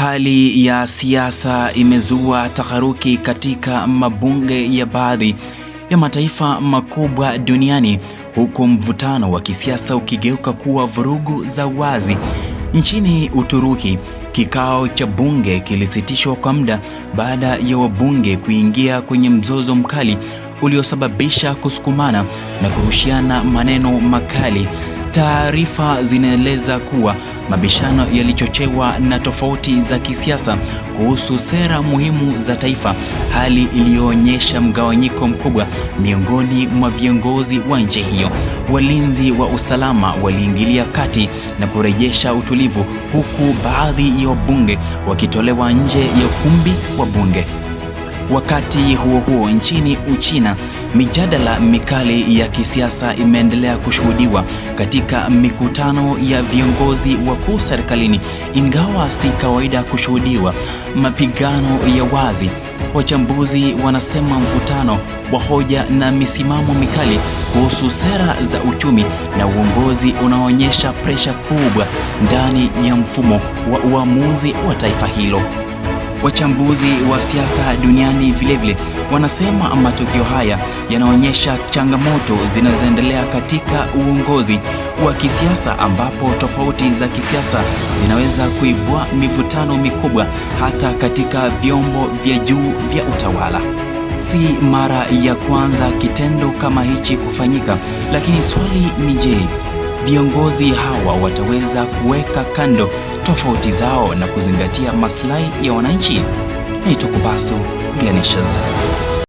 Hali ya siasa imezua taharuki katika mabunge ya baadhi ya mataifa makubwa duniani huku mvutano wa kisiasa ukigeuka kuwa vurugu za wazi. Nchini Uturuki, kikao cha bunge kilisitishwa kwa muda baada ya wabunge kuingia kwenye mzozo mkali uliosababisha kusukumana na kurushiana maneno makali. Taarifa zinaeleza kuwa mabishano yalichochewa na tofauti za kisiasa kuhusu sera muhimu za taifa, hali iliyoonyesha mgawanyiko mkubwa miongoni mwa viongozi wa nchi hiyo. Walinzi wa usalama waliingilia kati na kurejesha utulivu, huku baadhi ya wabunge wakitolewa nje ya ukumbi wa bunge. Wakati huo huo, nchini Uchina, mijadala mikali ya kisiasa imeendelea kushuhudiwa katika mikutano ya viongozi wakuu serikalini, ingawa si kawaida kushuhudiwa mapigano ya wazi. Wachambuzi wanasema mvutano wa hoja na misimamo mikali kuhusu sera za uchumi na uongozi unaonyesha presha kubwa ndani ya mfumo wa uamuzi wa taifa hilo. Wachambuzi wa siasa duniani vilevile wanasema matukio haya yanaonyesha changamoto zinazoendelea katika uongozi wa kisiasa ambapo tofauti za kisiasa zinaweza kuibua mivutano mikubwa hata katika vyombo vya juu vya utawala. Si mara ya kwanza kitendo kama hichi kufanyika, lakini swali ni je, viongozi hawa wataweza kuweka kando tofauti zao na kuzingatia maslahi ya wananchi. Naitwa Kubasu Glenishes.